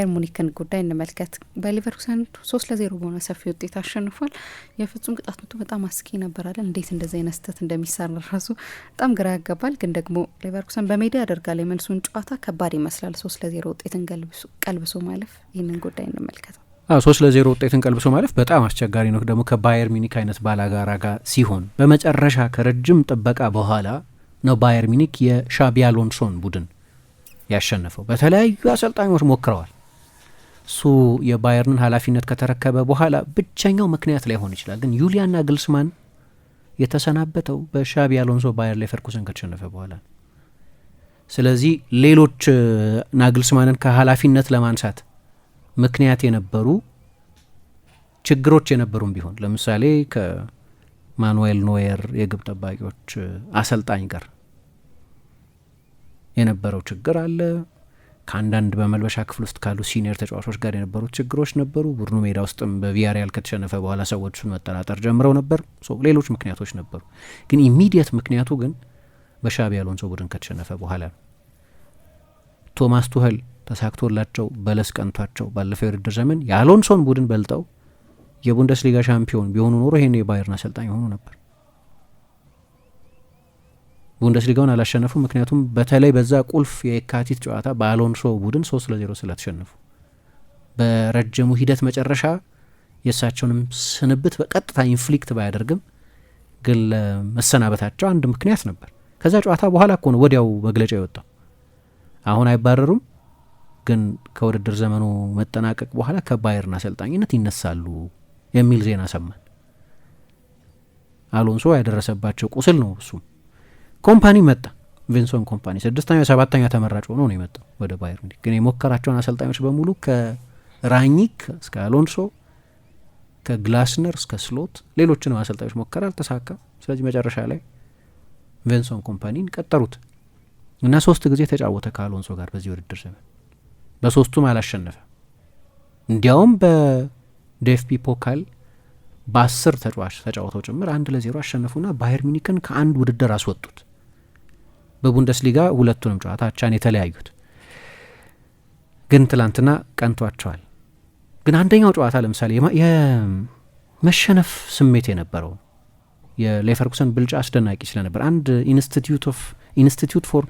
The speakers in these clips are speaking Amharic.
የባየር ሙኒክን ጉዳይ እንመልከት። በሌቨርኩሰን ሶስት ለዜሮ በሆነ ሰፊ ውጤት አሸንፏል። የፍጹም ቅጣት ምቱ በጣም አስቂ ነበራለን። እንዴት እንደዚህ አይነት ስህተት እንደሚሰራ ራሱ በጣም ግራ ያገባል። ግን ደግሞ ሊቨርኩሰን በሜዳ ያደርጋል የመልሱን ጨዋታ ከባድ ይመስላል። ሶስት ለዜሮ ውጤትን ቀልብሶ ማለፍ፣ ይህንን ጉዳይ እንመልከተው። ሶስት ለዜሮ ውጤትን ቀልብሶ ማለፍ በጣም አስቸጋሪ ነው። ደግሞ ከባየር ሚኒክ አይነት ባላጋራ ጋር ሲሆን በመጨረሻ ከረጅም ጥበቃ በኋላ ነው ባየር ሚኒክ የሻቢ አሎንሶን ቡድን ያሸነፈው። በተለያዩ አሰልጣኞች ሞክረዋል። እሱ የባየርንን ኃላፊነት ከተረከበ በኋላ ብቸኛው ምክንያት ላይሆን ይችላል። ግን ዩሊያና ግልስማን የተሰናበተው በሻቢ አሎንሶ ባየር ሌቨርኩሰን ከተሸነፈ በኋላ ስለዚህ ሌሎች ናግልስማንን ከኃላፊነት ለማንሳት ምክንያት የነበሩ ችግሮች የነበሩም ቢሆን ለምሳሌ ከማኑዌል ኖየር የግብ ጠባቂዎች አሰልጣኝ ጋር የነበረው ችግር አለ። ከአንዳንድ በመልበሻ ክፍል ውስጥ ካሉ ሲኒየር ተጫዋቾች ጋር የነበሩት ችግሮች ነበሩ። ቡድኑ ሜዳ ውስጥም በቪያሪያል ከተሸነፈ በኋላ ሰዎች መጠራጠር ጀምረው ነበር። ሌሎች ምክንያቶች ነበሩ። ግን ኢሚዲየት ምክንያቱ ግን በሻቢ አሎንሶ ቡድን ከተሸነፈ በኋላ ነው። ቶማስ ቱኸል ተሳክቶላቸው በለስ ቀንቷቸው ባለፈው የውድድር ዘመን የአሎንሶን ቡድን በልጠው የቡንደስሊጋ ሻምፒዮን ቢሆኑ ኖሮ ይሄን የባየርን አሰልጣኝ የሆኑ ነበር። ቡንደስሊጋውን አላሸነፉ። ምክንያቱም በተለይ በዛ ቁልፍ የካቲት ጨዋታ በአሎንሶ ቡድን ሶስት ለዜሮ ስላተሸነፉ በረጅሙ ሂደት መጨረሻ የእሳቸውንም ስንብት በቀጥታ ኢንፍሊክት ባያደርግም ግን ለመሰናበታቸው አንድ ምክንያት ነበር። ከዛ ጨዋታ በኋላ ከሆነ ወዲያው መግለጫ የወጣው። አሁን አይባረሩም፣ ግን ከውድድር ዘመኑ መጠናቀቅ በኋላ ከባየርን አሰልጣኝነት ይነሳሉ የሚል ዜና ሰማን። አሎንሶ ያደረሰባቸው ቁስል ነው እሱም ኮምፓኒ መጣ። ቪንሶን ኮምፓኒ ስድስተኛ ሰባተኛ ተመራጭ ሆኖ ነው የመጣው ወደ ባየር ሚኒክ። ግን የሞከራቸውን አሰልጣኞች በሙሉ ከራኒክ እስከ አሎንሶ ከግላስነር እስከ ስሎት ሌሎችንም አሰልጣኞች ሞከረ፣ አልተሳካም። ስለዚህ መጨረሻ ላይ ቬንሶን ኮምፓኒን ቀጠሩት እና ሶስት ጊዜ ተጫወተ ከአሎንሶ ጋር በዚህ ውድድር ዘመን በሶስቱም አላሸነፈ። እንዲያውም በዴፍፒ ፖካል በአስር ተጫዋች ተጫወተው ጭምር አንድ ለዜሮ አሸነፉና ባየር ሚኒክን ከአንድ ውድድር አስወጡት። በቡንደስሊጋ ሁለቱንም ጨዋታ አቻን የተለያዩት ግን ትላንትና ቀንቷቸዋል። ግን አንደኛው ጨዋታ ለምሳሌ የመሸነፍ ስሜት የነበረው የሌቨርኩሰን ብልጫ አስደናቂ ስለነበር አንድ ኢንስቲትዩት ፎር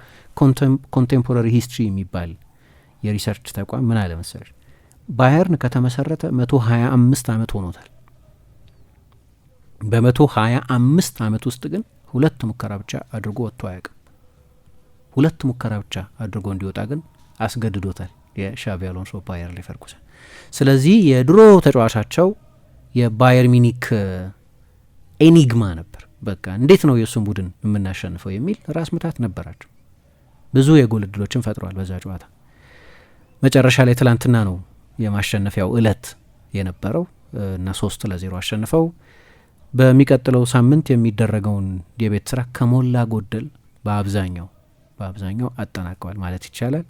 ኮንቴምፖራሪ ሂስትሪ የሚባል የሪሰርች ተቋም ምን አለ መሰለሽ ባየርን ከተመሰረተ መቶ ሀያ አምስት ዓመት ሆኖታል። በመቶ ሀያ አምስት ዓመት ውስጥ ግን ሁለት ሙከራ ብቻ አድርጎ ወጥቶ አያውቅም። ሁለት ሙከራ ብቻ አድርጎ እንዲወጣ ግን አስገድዶታል የሻቢ አሎንሶ ባየር ሌቨርኩሰን። ስለዚህ የድሮ ተጫዋቻቸው የባየር ሚኒክ ኤኒግማ ነበር። በቃ እንዴት ነው የእሱን ቡድን የምናሸንፈው የሚል ራስ ምታት ነበራቸው። ብዙ የጎል እድሎችን ፈጥሯል በዛ ጨዋታ። መጨረሻ ላይ ትላንትና ነው የማሸነፊያው እለት የነበረው እና ሶስት ለዜሮ አሸንፈው በሚቀጥለው ሳምንት የሚደረገውን የቤት ስራ ከሞላ ጎደል በአብዛኛው በአብዛኛው አጠናቀዋል ማለት ይቻላል።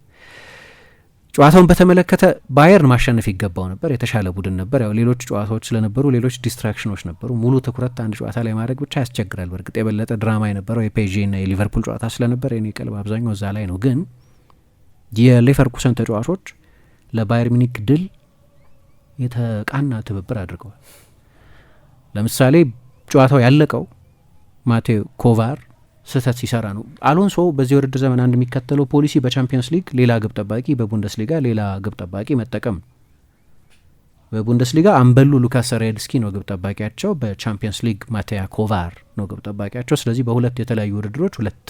ጨዋታውን በተመለከተ ባየርን ማሸነፍ ይገባው ነበር። የተሻለ ቡድን ነበር። ያው ሌሎች ጨዋታዎች ስለነበሩ ሌሎች ዲስትራክሽኖች ነበሩ። ሙሉ ትኩረት አንድ ጨዋታ ላይ ማድረግ ብቻ ያስቸግራል። በእርግጥ የበለጠ ድራማ የነበረው የፔዤ የሊቨርፑል ጨዋታ ስለነበር የኔ ቀልብ አብዛኛው እዛ ላይ ነው። ግን የሌቨርኩሰን ተጫዋቾች ለባየር ሚኒክ ድል የተቃና ትብብር አድርገዋል። ለምሳሌ ጨዋታው ያለቀው ማቴው ኮቫር ስህተት ሲሰራ ነው። አሎንሶ በዚህ ውድድር ዘመን አንድ የሚከተለው ፖሊሲ በቻምፒየንስ ሊግ ሌላ ግብ ጠባቂ፣ በቡንደስሊጋ ሌላ ግብ ጠባቂ መጠቀም ነው። በቡንደስሊጋ አምበሉ ሉካስ ሬድስኪ ነው ግብ ጠባቂያቸው፣ በቻምፒየንስ ሊግ ማቴያ ኮቫር ነው ግብ ጠባቂያቸው። ስለዚህ በሁለት የተለያዩ ውድድሮች ሁለት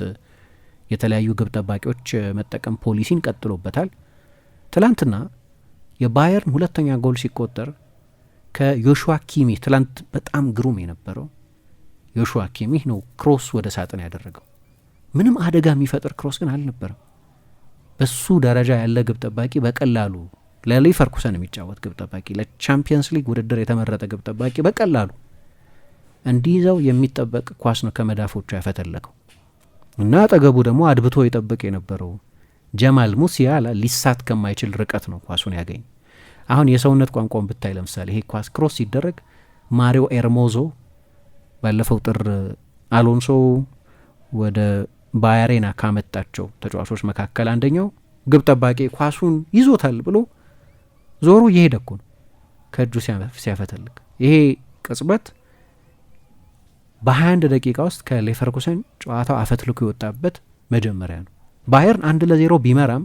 የተለያዩ ግብ ጠባቂዎች መጠቀም ፖሊሲን ቀጥሎበታል። ትላንትና የባየርን ሁለተኛ ጎል ሲቆጠር ከዮሹዋ ኪሚ ትላንት በጣም ግሩም የነበረው ዮሹዋ ኪሚህ ነው ክሮስ ወደ ሳጥን ያደረገው። ምንም አደጋ የሚፈጥር ክሮስ ግን አልነበረም። በሱ ደረጃ ያለ ግብ ጠባቂ በቀላሉ ለሌቨርኩሰን የሚጫወት ግብ ጠባቂ፣ ለቻምፒየንስ ሊግ ውድድር የተመረጠ ግብ ጠባቂ በቀላሉ እንዲይዘው የሚጠበቅ ኳስ ነው ከመዳፎቹ ያፈተለከው እና አጠገቡ ደግሞ አድብቶ ይጠብቅ የነበረው ጀማል ሙሲያላ ሊሳት ከማይችል ርቀት ነው ኳሱን ያገኝ። አሁን የሰውነት ቋንቋውን ብታይ ለምሳሌ ይሄ ኳስ ክሮስ ሲደረግ ማሪዮ ኤርሞዞ ባለፈው ጥር አሎንሶ ወደ ባያሬና ካመጣቸው ተጫዋቾች መካከል አንደኛው ግብ ጠባቂ ኳሱን ይዞታል ብሎ ዞሩ እየሄደ እኮ ነው ከእጁ ሲያፈተልግ። ይሄ ቅጽበት በ21 ደቂቃ ውስጥ ከሌቨርኩሰን ጨዋታው አፈትልኩ የወጣበት መጀመሪያ ነው። ባየርን አንድ ለዜሮ ቢመራም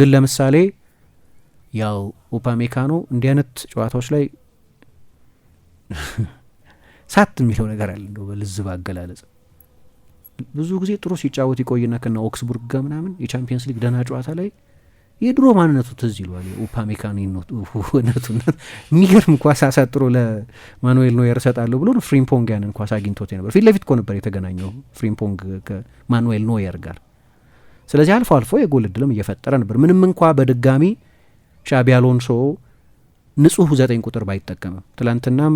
ግን ለምሳሌ ያው ኡፓሜካኖ እንዲህ አይነት ጨዋታዎች ላይ ሳት የሚለው ነገር አለ እንደው በልዝብ አገላለጽ ብዙ ጊዜ ጥሩ ሲጫወት ይቆይና ከና ኦክስቡርግ ጋር ምናምን የቻምፒየንስ ሊግ ደህና ጨዋታ ላይ የድሮ ማንነቱ ትዝ ይሏል። ኡፓሜካኖነቱና ሚገርም ኳስ አሳጥሮ ለማኑኤል ኖየር እሰጣለሁ ብሎ ፍሪምፖንግ ያንን ኳስ አግኝቶት ነበር። ፊት ለፊት እኮ ነበር የተገናኘው ፍሪምፖንግ ከማኑኤል ኖየር ጋር። ስለዚህ አልፎ አልፎ የጎል እድልም እየፈጠረ ነበር። ምንም እንኳ በድጋሚ ሻቢ አሎንሶ ንጹህ ዘጠኝ ቁጥር ባይጠቀምም ትላንትናም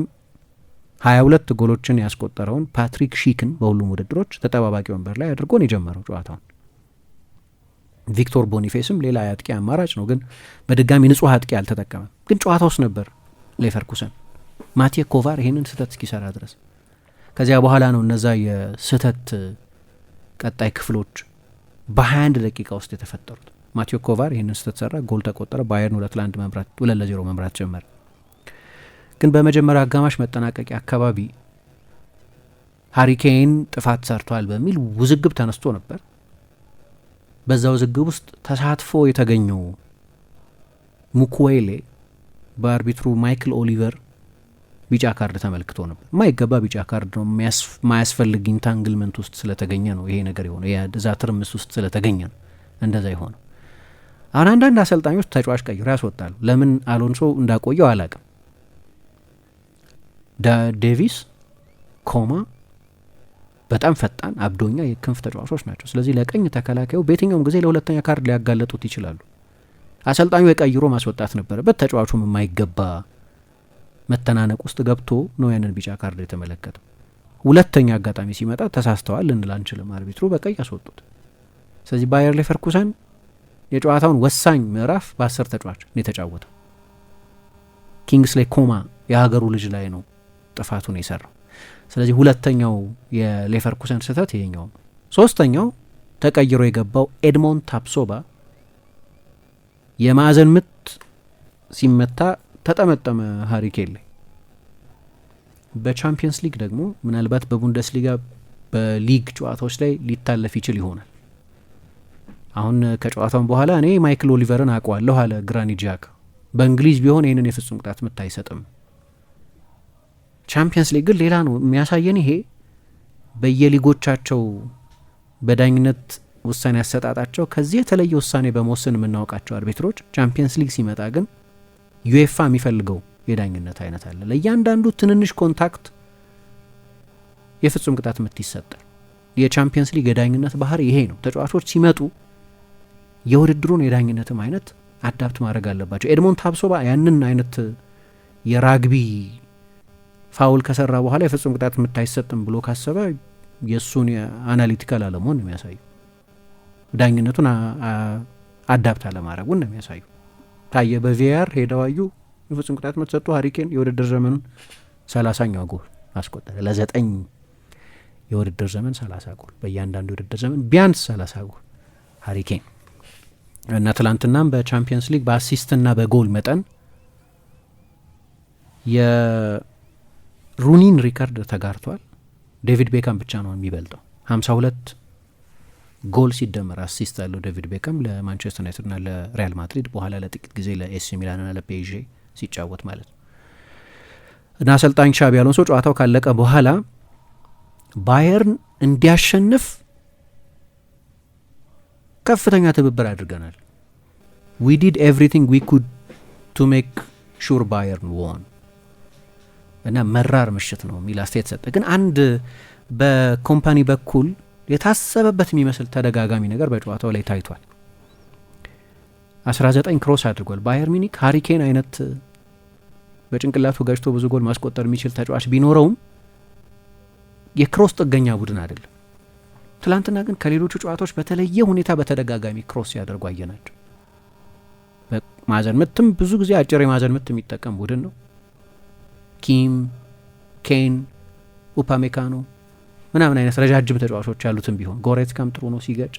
ሀያ ሁለት ጎሎችን ያስቆጠረውን ፓትሪክ ሺክን በሁሉም ውድድሮች ተጠባባቂ ወንበር ላይ አድርጎን የጀመረው ጨዋታውን። ቪክቶር ቦኒፌስም ሌላ የአጥቂ አማራጭ ነው፣ ግን በድጋሚ ንጹህ አጥቂ አልተጠቀመም። ግን ጨዋታ ውስጥ ነበር ሌቨርኩሰን ማቴ ኮቫር ይህንን ስህተት እስኪሰራ ድረስ። ከዚያ በኋላ ነው እነዛ የስህተት ቀጣይ ክፍሎች በ21 ደቂቃ ውስጥ የተፈጠሩት። ማቴ ኮቫር ይህንን ስህተት ሰራ፣ ጎል ተቆጠረ። ባየርን ሁለት ለአንድ መምራት ሁለት ለዜሮ መምራት ጀመረ። ግን በመጀመሪያ አጋማሽ መጠናቀቂያ አካባቢ ሀሪኬን ጥፋት ሰርቷል በሚል ውዝግብ ተነስቶ ነበር። በዛ ውዝግብ ውስጥ ተሳትፎ የተገኘው ሙኩዌሌ በአርቢትሩ ማይክል ኦሊቨር ቢጫ ካርድ ተመልክቶ ነበር። የማይገባ ቢጫ ካርድ ነው። ማያስፈልግ ኢንታንግልመንት ውስጥ ስለተገኘ ነው ይሄ ነገር የሆነ የዛ ትርምስ ውስጥ ስለተገኘ ነው እንደዛ የሆነው። አሁን አንዳንድ አሰልጣኞች ተጫዋች ቀይሮ ያስወጣሉ። ለምን አሎንሶ እንዳቆየው አላቅም። ዴቪስ ኮማ በጣም ፈጣን አብዶኛ የክንፍ ተጫዋቾች ናቸው። ስለዚህ ለቀኝ ተከላካዩ በየትኛውም ጊዜ ለሁለተኛ ካርድ ሊያጋለጡት ይችላሉ። አሰልጣኙ የቀይሮ ማስወጣት ነበረበት። ተጫዋቹም የማይገባ መተናነቅ ውስጥ ገብቶ ነው ያንን ቢጫ ካርድ የተመለከተው። ሁለተኛ አጋጣሚ ሲመጣ ተሳስተዋል ልንል አንችልም። አርቢትሩ በቀይ ያስወጡት። ስለዚህ ባየር ሌቨርኩሰን የጨዋታውን ወሳኝ ምዕራፍ በአስር ተጫዋች ነው የተጫወተው። ኪንግስሌ ኮማ የሀገሩ ልጅ ላይ ነው ጥፋቱን የሰራው። ስለዚህ ሁለተኛው የሌቨርኩሰን ስህተት ይሄኛው ነው። ሶስተኛው ተቀይሮ የገባው ኤድሞን ታፕሶባ የማዕዘን ምት ሲመታ ተጠመጠመ ሀሪኬን ላይ። በቻምፒየንስ ሊግ ደግሞ ምናልባት በቡንደስሊጋ በሊግ ጨዋታዎች ላይ ሊታለፍ ይችል ይሆናል። አሁን ከጨዋታውን በኋላ እኔ ማይክል ኦሊቨርን አውቀዋለሁ አለ ግራኒት ዣካ። በእንግሊዝ ቢሆን ይህንን የፍጹም ቅጣት ምት አይሰጥም። ቻምፒየንስ ሊግ ግን ሌላ ነው የሚያሳየን። ይሄ በየሊጎቻቸው በዳኝነት ውሳኔ ያሰጣጣቸው ከዚህ የተለየ ውሳኔ በመወሰን የምናውቃቸው አርቢትሮች ቻምፒየንስ ሊግ ሲመጣ ግን ዩኤፋ የሚፈልገው የዳኝነት አይነት አለ። ለእያንዳንዱ ትንንሽ ኮንታክት የፍጹም ቅጣት ምት ይሰጣል። የቻምፒየንስ ሊግ የዳኝነት ባህሪ ይሄ ነው። ተጫዋቾች ሲመጡ የውድድሩን የዳኝነትም አይነት አዳፕት ማድረግ አለባቸው። ኤድሞንድ ታብሶባ ያንን አይነት የራግቢ ፋውል ከሰራ በኋላ የፍጹም ቅጣት ምት አይሰጥም ብሎ ካሰበ የእሱን አናሊቲካል አለመሆን ነው የሚያሳዩ። ዳኝነቱን አዳፕት አለማድረጉን ነው የሚያሳዩ። ታየ በቪያር ሄደዋዩ የፍጹም ቅጣት ምት ሰጥቶ ሀሪኬን የውድድር ዘመኑን ሰላሳኛው ጎል አስቆጠረ። ለዘጠኝ የውድድር ዘመን ሰላሳ ጎል በእያንዳንዱ የውድድር ዘመን ቢያንስ ሰላሳ ጎል ሀሪኬን እና ትላንትናም በቻምፒየንስ ሊግ በአሲስትና በጎል መጠን ሩኒን ሪከርድ ተጋርቷል። ዴቪድ ቤካም ብቻ ነው የሚበልጠው። ሀምሳ ሁለት ጎል ሲደመር አሲስት ያለው ዴቪድ ቤካም ለማንቸስተር ዩናይትድ ና ለሪያል ማድሪድ በኋላ ለጥቂት ጊዜ ለኤሲ ና ለፔዤ ሲጫወት ማለት ነው እና አሰልጣኝ ሻቢ አሎንሶ ጨዋታው ካለቀ በኋላ ባየርን እንዲያሸንፍ ከፍተኛ ትብብር አድርገናል። ዊ ዲድ ኤቭሪቲንግ ዊ ኩድ ቱ ሜክ ሹር ባየርን ዎን እና መራር ምሽት ነው የሚል አስተያየት ሰጠ። ግን አንድ በኮምፓኒ በኩል የታሰበበት የሚመስል ተደጋጋሚ ነገር በጨዋታው ላይ ታይቷል። 19 ክሮስ አድርጓል። ባየር ሚኒክ ሀሪኬን አይነት በጭንቅላቱ ገጭቶ ብዙ ጎል ማስቆጠር የሚችል ተጫዋች ቢኖረውም የክሮስ ጥገኛ ቡድን አይደለም። ትላንትና ግን ከሌሎቹ ጨዋታዎች በተለየ ሁኔታ በተደጋጋሚ ክሮስ ሲያደርጉ አየናቸው። በማዘን ምትም ብዙ ጊዜ አጭር የማዘን ምት የሚጠቀም ቡድን ነው። ኪም ኬን፣ ኡፓሜካኖ ምናምን አይነት ረጃጅም ተጫዋቾች ያሉትም ቢሆን ጎሬትካም ጥሩ ነው ሲገጭ፣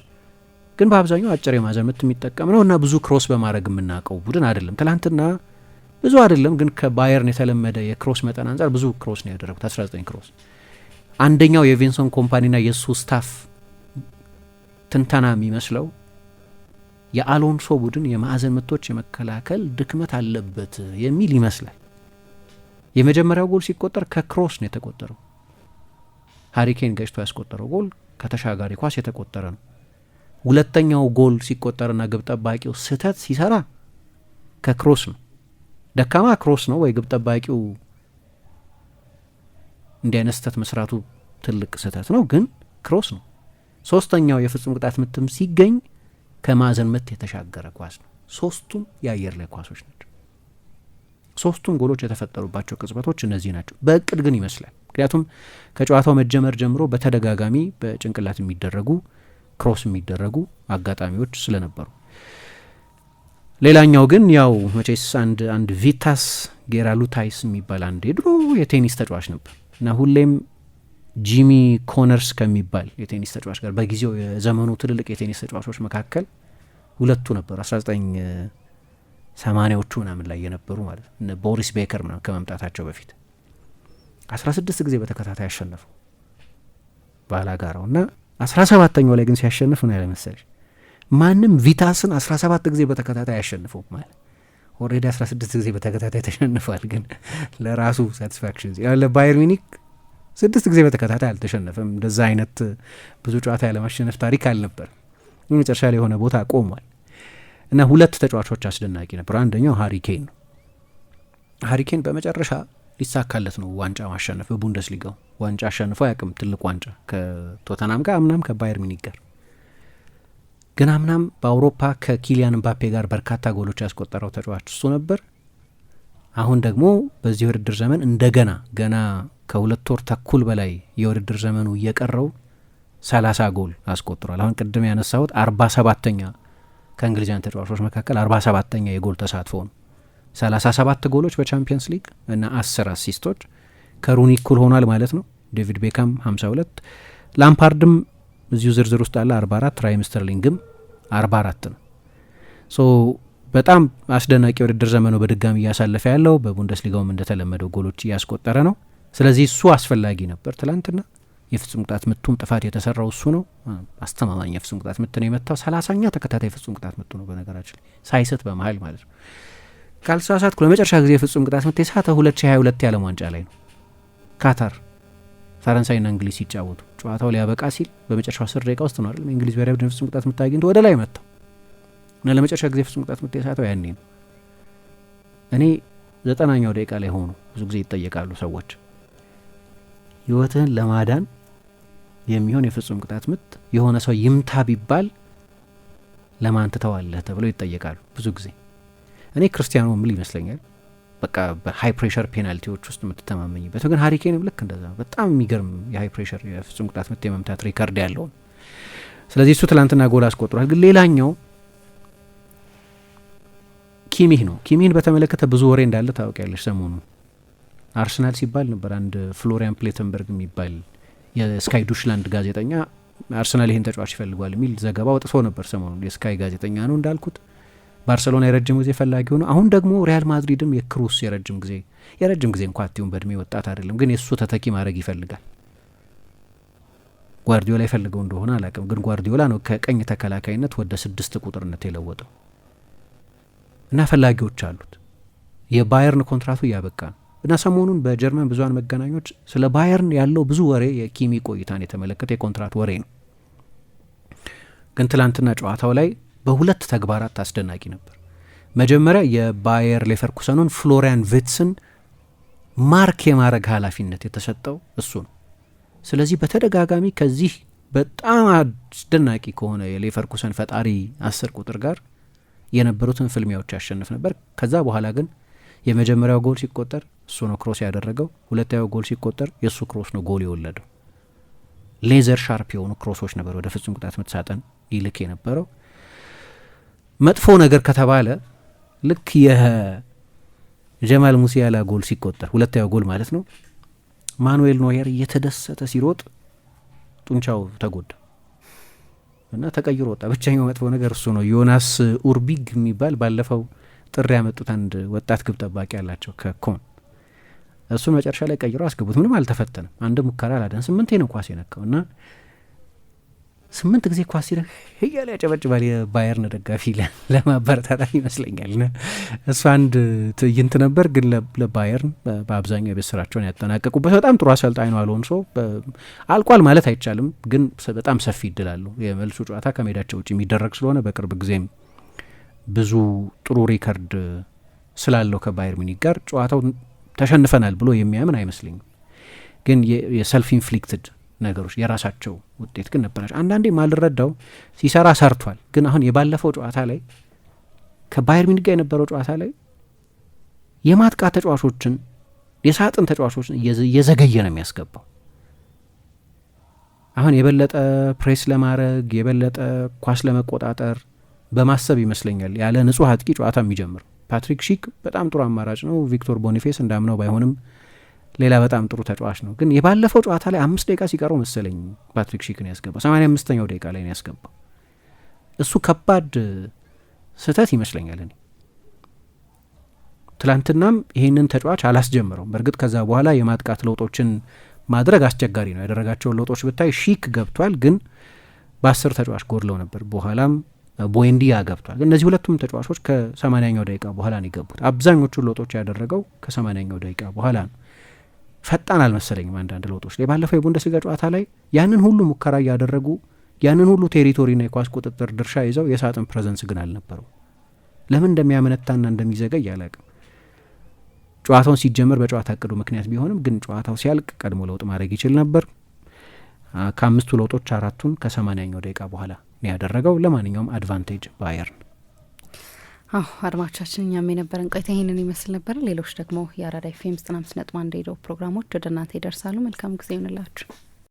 ግን በአብዛኛው አጭር የማዘን ምት የሚጠቀም ነው እና ብዙ ክሮስ በማድረግ የምናውቀው ቡድን አይደለም። ትላንትና ብዙ አይደለም ግን ከባየርን የተለመደ የክሮስ መጠን አንጻር ብዙ ክሮስ ነው ያደረጉት፣ 19 ክሮስ። አንደኛው የቪንሰንት ኮምፓኒና የእሱ ስታፍ ትንተና የሚመስለው የአሎንሶ ቡድን የማዕዘን ምቶች የመከላከል ድክመት አለበት የሚል ይመስላል። የመጀመሪያው ጎል ሲቆጠር ከክሮስ ነው የተቆጠረው። ሀሪኬን ገጭቶ ያስቆጠረው ጎል ከተሻጋሪ ኳስ የተቆጠረ ነው። ሁለተኛው ጎል ሲቆጠርና ግብ ጠባቂው ስህተት ሲሰራ ከክሮስ ነው። ደካማ ክሮስ ነው ወይ ግብ ጠባቂው እንዲህ አይነት ስህተት መስራቱ ትልቅ ስህተት ነው፣ ግን ክሮስ ነው። ሶስተኛው የፍጹም ቅጣት ምትም ሲገኝ ከማዕዘን ምት የተሻገረ ኳስ ነው። ሶስቱም የአየር ላይ ኳሶች ናቸው። ሶስቱም ጎሎች የተፈጠሩባቸው ቅጽበቶች እነዚህ ናቸው። በእቅድ ግን ይመስላል። ምክንያቱም ከጨዋታው መጀመር ጀምሮ በተደጋጋሚ በጭንቅላት የሚደረጉ ክሮስ የሚደረጉ አጋጣሚዎች ስለነበሩ፣ ሌላኛው ግን ያው መቼስ አንድ አንድ ቪታስ ጌራሉታይስ የሚባል አንድ የድሮ የቴኒስ ተጫዋች ነበር እና ሁሌም ጂሚ ኮነርስ ከሚባል የቴኒስ ተጫዋች ጋር በጊዜው የዘመኑ ትልልቅ የቴኒስ ተጫዋቾች መካከል ሁለቱ ነበሩ 19 ሰማኒያዎቹ ምናምን ላይ የነበሩ ማለት ነው። ቦሪስ ቤከር ምናምን ከመምጣታቸው በፊት አስራ ስድስት ጊዜ በተከታታይ አሸነፈው ባላጋራው እና አስራ ሰባተኛው ላይ ግን ሲያሸንፍ ምን ያለ መሰለሽ ማንም ቪታስን አስራ ሰባት ጊዜ በተከታታይ አሸንፈው ማለት ኦልሬዲ አስራ ስድስት ጊዜ በተከታታይ ተሸንፏል። ግን ለራሱ ሳቲስፋክሽን ለባየር ሚኒክ ስድስት ጊዜ በተከታታይ አልተሸነፈም። እንደዛ አይነት ብዙ ጨዋታ ያለማሸነፍ ታሪክ አልነበርም። መጨረሻ ላይ የሆነ ቦታ ቆሟል። እና ሁለት ተጫዋቾች አስደናቂ ነበሩ። አንደኛው ሀሪኬን ነው። ሀሪኬን በመጨረሻ ሊሳካለት ነው ዋንጫ ማሸነፍ። በቡንደስሊጋው ዋንጫ አሸንፎ አያውቅም፣ ትልቅ ዋንጫ ከቶተናም ጋር አምናም ከባየር ሚኒክ ጋር ግን አምናም በአውሮፓ ከኪሊያን ምባፔ ጋር በርካታ ጎሎች ያስቆጠረው ተጫዋች እሱ ነበር። አሁን ደግሞ በዚህ የውድድር ዘመን እንደገና ገና ከሁለት ወር ተኩል በላይ የውድድር ዘመኑ እየቀረው ሰላሳ ጎል አስቆጥሯል። አሁን ቅድም ያነሳሁት አርባ ሰባተኛ ከእንግሊዛውያን ተጫዋቾች መካከል አርባ ሰባተኛ የጎል ተሳትፎ ነው። ሰላሳ ሰባት ጎሎች በቻምፒየንስ ሊግ እና አስር አሲስቶች ከሩኒ እኩል ሆኗል ማለት ነው። ዴቪድ ቤካም ሁለት ላምፓርድም እዚሁ ዝርዝር ውስጥ አለ 44 ራይም ስተርሊንግም አራት ነው። ሶ በጣም አስደናቂ ውድድር ዘመኑ በድጋሚ እያሳለፈ ያለው በቡንደስሊጋውም እንደተለመደው ጎሎች እያስቆጠረ ነው። ስለዚህ እሱ አስፈላጊ ነበር ትላንትና የፍጹም ቅጣት ምቱም ጥፋት የተሰራው እሱ ነው። አስተማማኝ የፍጹም ቅጣት ምት ነው የመታው። ሰላሳኛ ተከታታይ የፍጹም ቅጣት ምቱ ነው በነገራችን ላይ ሳይሰት በመሀል ማለት ነው። ካልተሳሳትኩ ለመጨረሻ ጊዜ የፍጹም ቅጣት ምት የሳተ ሁለት ሺ ሀያ ሁለት የዓለም ዋንጫ ላይ ነው። ካታር ፈረንሳይና እንግሊዝ ሲጫወቱ ጨዋታው ሊያበቃ ሲል በመጨረሻው አስር ደቂቃ ውስጥ ነው አይደለም የእንግሊዝ ብሔራዊ ቡድን ፍጹም ቅጣት ምት አግኝቶ ወደ ላይ መጥተው እና ለመጨረሻ ጊዜ ፍጹም ቅጣት ምት የሳተው ያኔ ነው። እኔ ዘጠናኛው ደቂቃ ላይ ሆኑ ብዙ ጊዜ ይጠየቃሉ ሰዎች ህይወትህን ለማዳን የሚሆን የፍጹም ቅጣት ምት የሆነ ሰው ይምታ ቢባል ለማን ትተዋለህ ተብለው ይጠየቃሉ። ብዙ ጊዜ እኔ ክርስቲያኑ ምል ይመስለኛል በቃ በሀይ ፕሬሸር ፔናልቲዎች ውስጥ የምትተማመኝበት ግን ሀሪኬንም ልክ እንደዛ በጣም የሚገርም የሀይ ፕሬሸር የፍጹም ቅጣት ምት የመምታት ሪከርድ ያለውን ስለዚህ እሱ ትላንትና ጎል አስቆጥሯል። ግን ሌላኛው ኪሚህ ነው። ኪሚህን በተመለከተ ብዙ ወሬ እንዳለ ታውቂያለሽ ሰሞኑን አርሰናል ሲባል ነበር አንድ ፍሎሪያን ፕሌተንበርግ የሚባል የስካይ ዱሽላንድ ጋዜጠኛ አርሰናል ይህን ተጫዋች ይፈልጓል የሚል ዘገባ ወጥቶ ነበር ሰሞኑን። የስካይ ጋዜጠኛ ነው እንዳልኩት። ባርሰሎና የረጅም ጊዜ ፈላጊ ሆነ። አሁን ደግሞ ሪያል ማድሪድም የክሩስ የረጅም ጊዜ የረጅም ጊዜ እንኳ አትሁን በእድሜ ወጣት አይደለም፣ ግን የእሱ ተተኪ ማድረግ ይፈልጋል። ጓርዲዮላ ይፈልገው እንደሆነ አላውቅም፣ ግን ጓርዲዮላ ነው ከቀኝ ተከላካይነት ወደ ስድስት ቁጥርነት የለወጠው እና ፈላጊዎች አሉት። የባየርን ኮንትራቱ እያበቃ ነው። እና ሰሞኑን በጀርመን ብዙሀን መገናኞች ስለ ባየርን ያለው ብዙ ወሬ የኪሚ ቆይታን የተመለከተ የኮንትራት ወሬ ነው። ግን ትላንትና ጨዋታው ላይ በሁለት ተግባራት አስደናቂ ነበር። መጀመሪያ የባየር ሌቨርኩሰኑን ፍሎሪያን ቪትስን ማርክ የማድረግ ኃላፊነት የተሰጠው እሱ ነው። ስለዚህ በተደጋጋሚ ከዚህ በጣም አስደናቂ ከሆነ የሌቨርኩሰን ፈጣሪ አስር ቁጥር ጋር የነበሩትን ፍልሚያዎች ያሸንፍ ነበር። ከዛ በኋላ ግን የመጀመሪያው ጎል ሲቆጠር እሱ ነው ክሮስ ያደረገው። ሁለተኛው ጎል ሲቆጠር የእሱ ክሮስ ነው ጎል የወለደው። ሌዘር ሻርፕ የሆኑ ክሮሶች ነበር ወደ ፍጹም ቅጣት ምት ሳጥን ይልክ የነበረው። መጥፎ ነገር ከተባለ ልክ የጀማል ሙሲያላ ጎል ሲቆጠር ሁለተኛው ጎል ማለት ነው ማኑኤል ኖየር እየተደሰተ ሲሮጥ ጡንቻው ተጎዳ እና ተቀይሮ ወጣ። ብቸኛው መጥፎ ነገር እሱ ነው። ዮናስ ኡርቢግ የሚባል ባለፈው ጥሪ ያመጡት አንድ ወጣት ግብ ጠባቂ ያላቸው ከኮን እሱ መጨረሻ ላይ ቀይሮ አስገቡት። ምንም አልተፈተንም። አንድ ሙከራ አላደን። ስምንቴ ነው ኳስ የነካው እና ስምንት ጊዜ ኳስ ሲነካ እያለ ያጨበጭባል። የባየርን ደጋፊ ለማበረታታት ይመስለኛል። ና እሱ አንድ ትዕይንት ነበር፣ ግን ለባየርን በአብዛኛው የቤት ስራቸውን ያጠናቀቁበት በጣም ጥሩ አሰልጣኝ ነው አሎንሶ። አልቋል ማለት አይቻልም፣ ግን በጣም ሰፊ ይድላሉ። የመልሱ ጨዋታ ከሜዳቸው ውጭ የሚደረግ ስለሆነ በቅርብ ጊዜም ብዙ ጥሩ ሪከርድ ስላለው ከባየር ሚኒክ ጋር ጨዋታው ተሸንፈናል ብሎ የሚያምን አይመስለኝም። ግን የሰልፍ ኢንፍሊክትድ ነገሮች የራሳቸው ውጤት ግን ነበራቸው። አንዳንዴ ማልረዳው ሲሰራ ሰርቷል። ግን አሁን የባለፈው ጨዋታ ላይ ከባየር ሚኒክ ጋር የነበረው ጨዋታ ላይ የማጥቃት ተጫዋቾችን የሳጥን ተጫዋቾችን እየዘገየ ነው የሚያስገባው። አሁን የበለጠ ፕሬስ ለማድረግ የበለጠ ኳስ ለመቆጣጠር በማሰብ ይመስለኛል ያለ ንጹህ አጥቂ ጨዋታ የሚጀምር። ፓትሪክ ሺክ በጣም ጥሩ አማራጭ ነው። ቪክቶር ቦኒፌስ እንዳምነው ባይሆንም ሌላ በጣም ጥሩ ተጫዋች ነው። ግን የባለፈው ጨዋታ ላይ አምስት ደቂቃ ሲቀረው መሰለኝ ፓትሪክ ሺክን ያስገባ፣ ሰማንያ አምስተኛው ደቂቃ ላይ ነው ያስገባው። እሱ ከባድ ስህተት ይመስለኛል። እኔ ትላንትናም ይህንን ተጫዋች አላስጀምረውም። በእርግጥ ከዛ በኋላ የማጥቃት ለውጦችን ማድረግ አስቸጋሪ ነው። ያደረጋቸውን ለውጦች ብታይ ሺክ ገብቷል፣ ግን በአስር ተጫዋች ጎድለው ነበር። በኋላም ቦየንዲያ ገብቷል። እነዚህ ሁለቱም ተጫዋቾች ከሰማንያኛው ደቂቃ በኋላ ነው የገቡት። አብዛኞቹ ለውጦች ያደረገው ከሰማንያኛው ደቂቃ በኋላ ነው። ፈጣን አልመሰለኝም አንዳንድ ለውጦች ላይ። ባለፈው የቡንደስሊጋ ጨዋታ ላይ ያንን ሁሉ ሙከራ እያደረጉ ያንን ሁሉ ቴሪቶሪና የኳስ ቁጥጥር ድርሻ ይዘው የሳጥን ፕሬዘንስ ግን አልነበረው። ለምን እንደሚያመነታና እንደሚዘገይ አላቅም። ጨዋታውን ሲጀመር በጨዋታ እቅዱ ምክንያት ቢሆንም ግን ጨዋታው ሲያልቅ ቀድሞ ለውጥ ማድረግ ይችል ነበር። ከአምስቱ ለውጦች አራቱን ከሰማንያኛው ደቂቃ በኋላ ነው ያደረገው። ለማንኛውም አድቫንቴጅ ባየርን። አዎ አድማቻችን፣ እኛም የነበረን ቆይታ ይህንን ይመስል ነበረ። ሌሎች ደግሞ የአራዳ ኤፍ ኤም ዘጠና አምስት ነጥብ አንድ ሬዲዮ ፕሮግራሞች ወደ እናንተ ይደርሳሉ። መልካም ጊዜ ይሆንላችሁ።